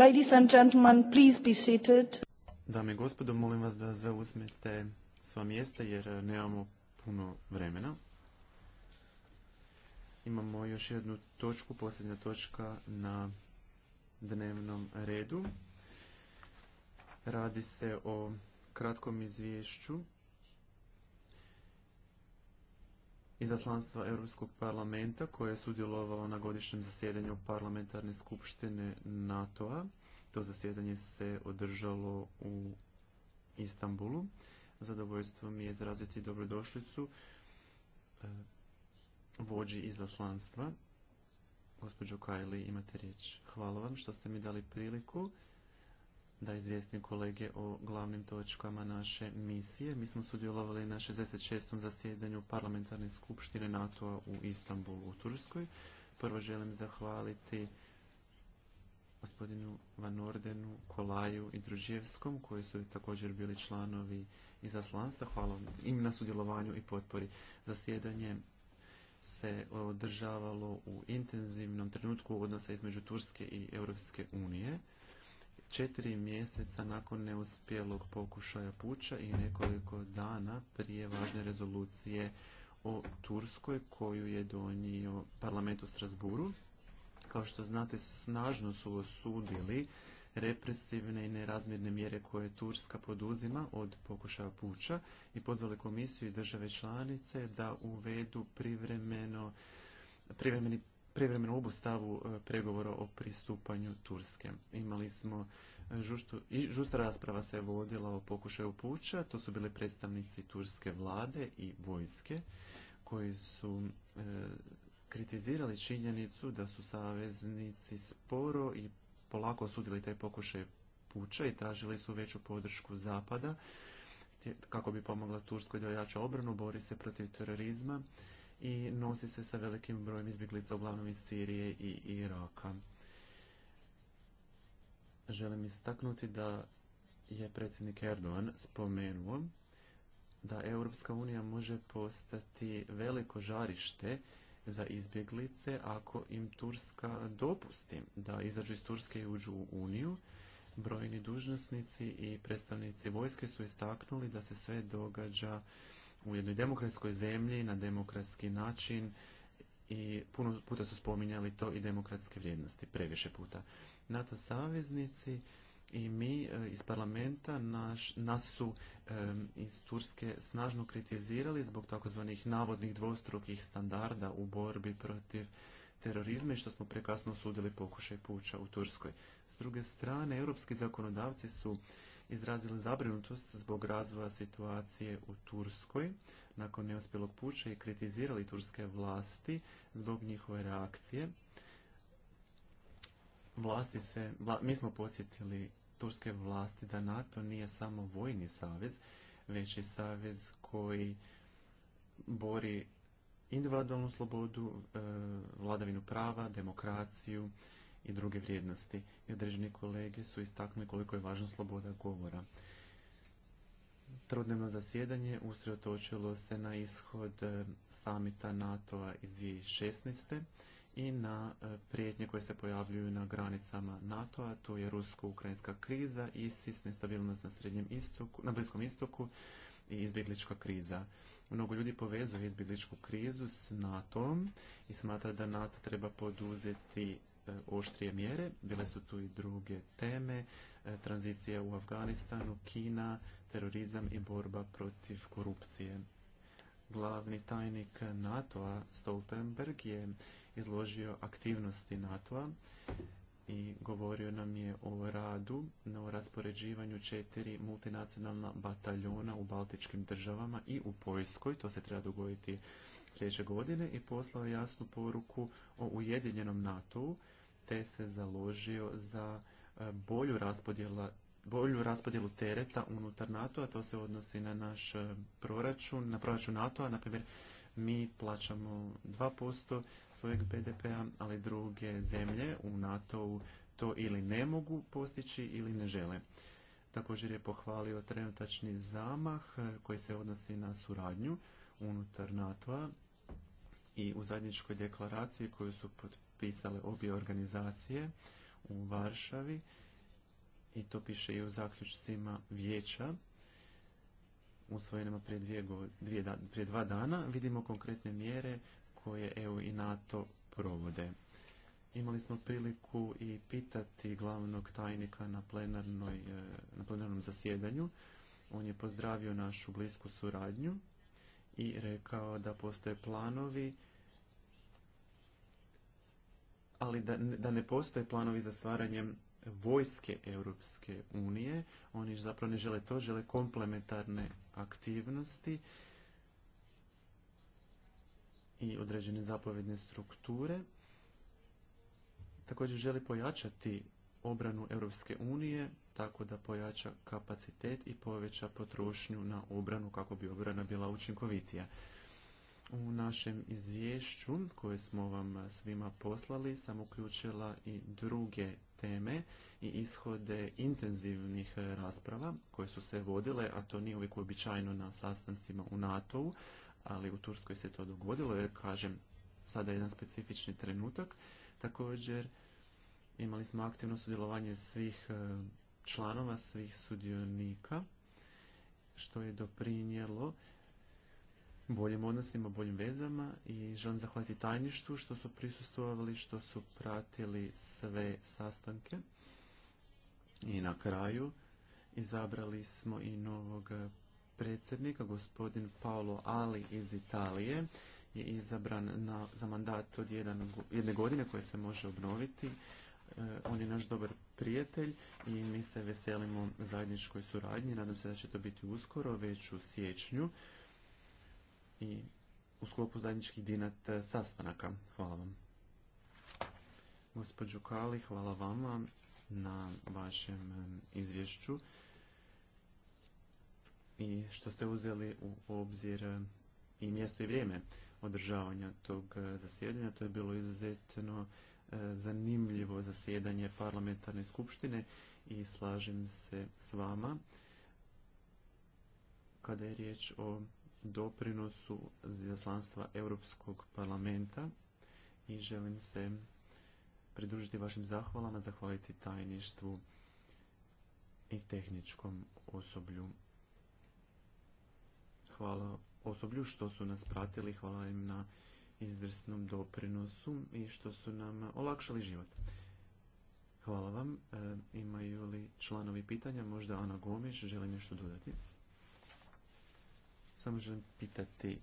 Ladies and gentlemen, please be seated. Dame i gospodo, molim vas da zauzmete sva mjesta jer eh, nemamo puno vremena. Imamo još jednu točku, posljednja točka na dnevnom redu. Radi se o kratkom izvješću izaslanstva Europskog parlamenta koje je sudjelovalo na godišnjem zasjedanju parlamentarne skupštine NATO-a. To zasjedanje se održalo u Istanbulu. Zadovoljstvo mi je izraziti dobrodošlicu e, vođi izaslanstva. Gospođo Kajli, imate riječ. Hvala vam što ste mi dali priliku da izvijestim kolege o glavnim točkama naše misije. Mi smo sudjelovali na 66. zasjedanju parlamentarne skupštine NATO-a u Istanbulu u Turskoj. Prvo želim zahvaliti gospodinu Van Ordenu, Kolaju i Družjevskom, koji su također bili članovi izaslanstva. Hvala im na sudjelovanju i potpori. Zasjedanje se održavalo u intenzivnom trenutku odnosa između Turske i Europske unije četiri mjeseca nakon neuspjelog pokušaja puća i nekoliko dana prije važne rezolucije o Turskoj koju je donio parlament u Strasburu. Kao što znate, snažno su osudili represivne i nerazmjerne mjere koje Turska poduzima od pokušaja puća i pozvali komisiju i države članice da uvedu privremeno privremeni privremenu obustavu e, pregovora o pristupanju Turske. Imali smo e, i žusta rasprava se je vodila o pokušaju puća, to su bili predstavnici turske vlade i vojske koji su e, kritizirali činjenicu da su saveznici sporo i polako osudili taj pokušaj puća i tražili su veću podršku zapada kako bi pomogla Turskoj da jača obranu, bori se protiv terorizma i nosi se sa velikim brojem izbjeglica, uglavnom iz Sirije i Iraka. Želim istaknuti da je predsjednik Erdogan spomenuo da Europska unija može postati veliko žarište za izbjeglice ako im Turska dopusti da izađu iz Turske i uđu u Uniju. Brojni dužnosnici i predstavnici vojske su istaknuli da se sve događa u jednoj demokratskoj zemlji na demokratski način i puno puta su spominjali to i demokratske vrijednosti, previše puta. NATO saveznici i mi e, iz parlamenta naš, nas su e, iz Turske snažno kritizirali zbog takozvanih navodnih dvostrukih standarda u borbi protiv terorizme što smo prekasno osudili pokušaj puča u Turskoj. S druge strane, europski zakonodavci su izrazili zabrinutost zbog razvoja situacije u Turskoj nakon neuspjelog puča i kritizirali turske vlasti zbog njihove reakcije. Vlasti se, mi smo podsjetili turske vlasti da NATO nije samo vojni savez, već i savez koji bori individualnu slobodu, e, vladavinu prava, demokraciju i druge vrijednosti. I određeni kolege su istaknuli koliko je važna sloboda govora. Trodnevno zasjedanje usredotočilo se na ishod e, samita NATO-a iz 2016. i na e, prijetnje koje se pojavljuju na granicama NATO-a. to je rusko-ukrajinska kriza, ISIS, nestabilnost na, na Bliskom istoku, i izbjeglička kriza. Mnogo ljudi povezuje izbjegličku krizu s NATO-om i smatra da NATO treba poduzeti e, oštrije mjere. Bile su tu i druge teme, e, tranzicija u Afganistanu, Kina, terorizam i borba protiv korupcije. Glavni tajnik NATO-a Stoltenberg je izložio aktivnosti NATO-a i govorio nam je o radu na raspoređivanju četiri multinacionalna bataljona u baltičkim državama i u Poljskoj. To se treba dogoditi sljedeće godine i poslao jasnu poruku o ujedinjenom NATO-u te se založio za e, bolju raspodjela bolju raspodjelu tereta unutar NATO-a, to se odnosi na naš e, proračun, na proračun NATO-a, na primjer mi plaćamo 2% svojeg BDP-a, ali druge zemlje u NATO-u to ili ne mogu postići ili ne žele. Također je pohvalio trenutačni zamah koji se odnosi na suradnju unutar NATO-a i u zajedničkoj deklaraciji koju su potpisale obje organizacije u Varšavi i to piše i u zaključcima vijeća usvojenima prije, dvije, dvije, dva dana vidimo konkretne mjere koje EU i NATO provode. Imali smo priliku i pitati glavnog tajnika na, plenarnoj, e, na plenarnom zasjedanju. On je pozdravio našu blisku suradnju i rekao da postoje planovi ali da, da ne postoje planovi za stvaranjem vojske Europske unije. Oni zapravo ne žele to, žele komplementarne aktivnosti i određene zapovjedne strukture. Također želi pojačati obranu Europske unije tako da pojača kapacitet i poveća potrošnju na obranu kako bi obrana bila učinkovitija. U našem izvješću koje smo vam svima poslali sam uključila i druge teme i ishode intenzivnih rasprava koje su se vodile, a to nije uvijek uobičajeno na sastancima u NATO-u, ali u Turskoj se to dogodilo jer, kažem, sada je jedan specifični trenutak. Također imali smo aktivno sudjelovanje svih e, članova, svih sudionika, što je doprinijelo boljim odnosima, boljim vezama i želim zahvaliti tajništu što su prisustvovali, što su pratili sve sastanke. I na kraju izabrali smo i novog predsjednika, gospodin Paolo Ali iz Italije je izabran na, za mandat od jedne godine koje se može obnoviti. E, on je naš dobar prijatelj i mi se veselimo zajedničkoj suradnji. Nadam se da će to biti uskoro, već u siječnju i u sklopu zajedničkih dinat sastanaka. Hvala vam. Gospodžu Kali, hvala vama na vašem izvješću i što ste uzeli u obzir i mjesto i vrijeme održavanja tog zasjedanja. To je bilo izuzetno zanimljivo zasjedanje parlamentarne skupštine i slažem se s vama kada je riječ o doprinosu izaslanstva Europskog parlamenta i želim se pridružiti vašim zahvalama, zahvaliti tajništvu i tehničkom osoblju. Hvala osoblju što su nas pratili, hvala im na izvrsnom doprinosu i što su nam olakšali život. Hvala vam. E, imaju li članovi pitanja? Možda Ana Gomiš želi nešto dodati? Samo želim pitati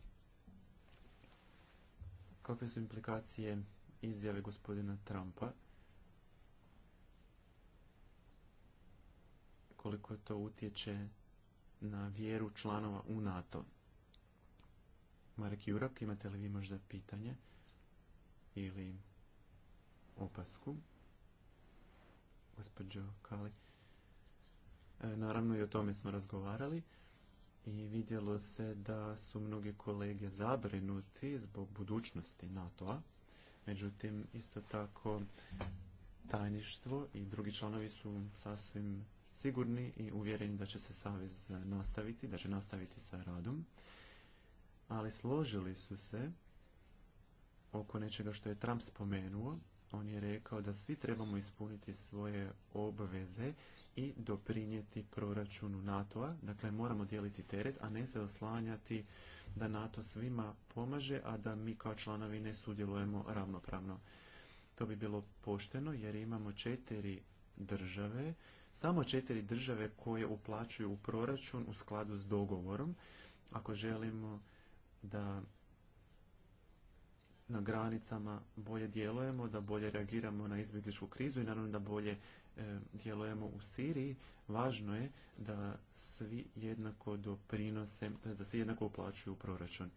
kakve su implikacije izjave gospodina Trumpa koliko to utječe na vjeru članova u NATO. Marek Jurak, imate li vi možda pitanje ili opasku? Gospođo Kali. E, naravno i o tome smo razgovarali i vidjelo se da su mnogi kolege zabrinuti zbog budućnosti NATO-a. Međutim, isto tako tajništvo i drugi članovi su sasvim sigurni i uvjereni da će se savez nastaviti, da će nastaviti sa radom. Ali složili su se oko nečega što je Trump spomenuo. On je rekao da svi trebamo ispuniti svoje obveze i doprinijeti proračunu NATO-a. Dakle, moramo dijeliti teret, a ne se oslanjati da NATO svima pomaže, a da mi kao članovi ne sudjelujemo ravnopravno. To bi bilo pošteno jer imamo četiri države, samo četiri države koje uplaćuju u proračun u skladu s dogovorom. Ako želimo da na granicama bolje djelujemo, da bolje reagiramo na izbjegličku krizu i naravno da bolje E, djelujemo u Siriji, važno je da svi jednako doprinose, da se jednako uplaćuju u proračun.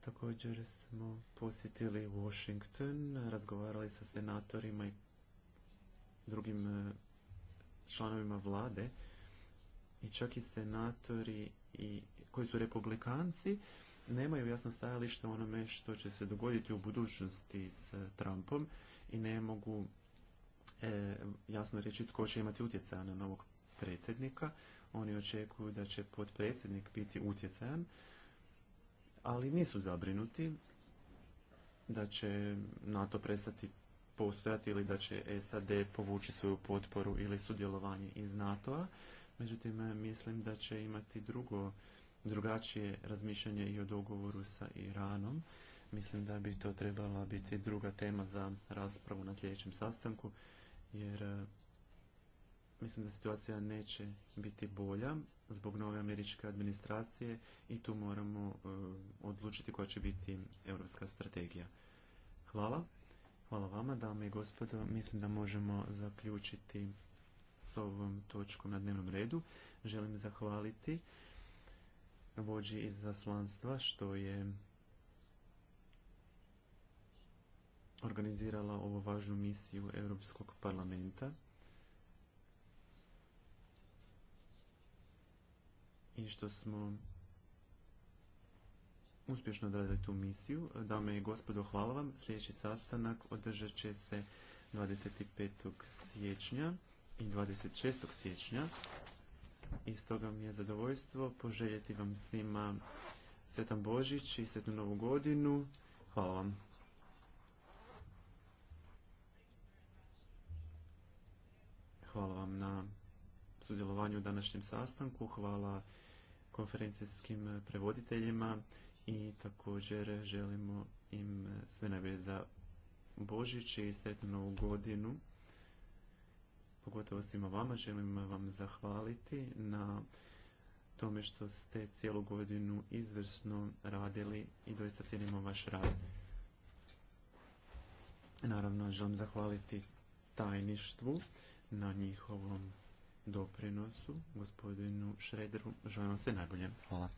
Također smo posjetili Washington, razgovarali sa senatorima i drugim e, članovima vlade i čak i senatori i, koji su republikanci nemaju jasno stajalište onome što će se dogoditi u budućnosti s Trumpom i ne mogu e, jasno reći tko će imati utjecaja na novog predsjednika. Oni očekuju da će potpredsjednik biti utjecajan, ali nisu zabrinuti da će NATO prestati postojati ili da će SAD povući svoju potporu ili sudjelovanje iz NATO-a. Međutim, mislim da će imati drugo, drugačije razmišljanje i o dogovoru sa Iranom. Mislim da bi to trebala biti druga tema za raspravu na sljedećem sastanku jer e, mislim da situacija neće biti bolja zbog nove američke administracije i tu moramo e, odlučiti koja će biti europska strategija. Hvala. Hvala vama, dame i gospodo. Mislim da možemo zaključiti s ovom točkom na dnevnom redu. Želim zahvaliti vođi Zaslanstva što je organizirala ovu važnu misiju Europskog parlamenta. I što smo uspješno odradili tu misiju. Dame i gospodo, hvala vam. Sljedeći sastanak održat će se 25. siječnja i 26. siječnja. I stoga mi je zadovoljstvo poželjeti vam svima Svetan Božić i Svetnu Novu godinu. Hvala vam. Hvala vam na sudjelovanju u današnjem sastanku. Hvala konferencijskim prevoditeljima i također želimo im sve najbolje za Božić i sretnu novu godinu. Pogotovo svima vama želim vam zahvaliti na tome što ste cijelu godinu izvrsno radili i doista cijenimo vaš rad. Naravno, želim zahvaliti tajništvu na njihovom doprinosu. Gospodinu Šrederu vam sve najbolje. Hvala.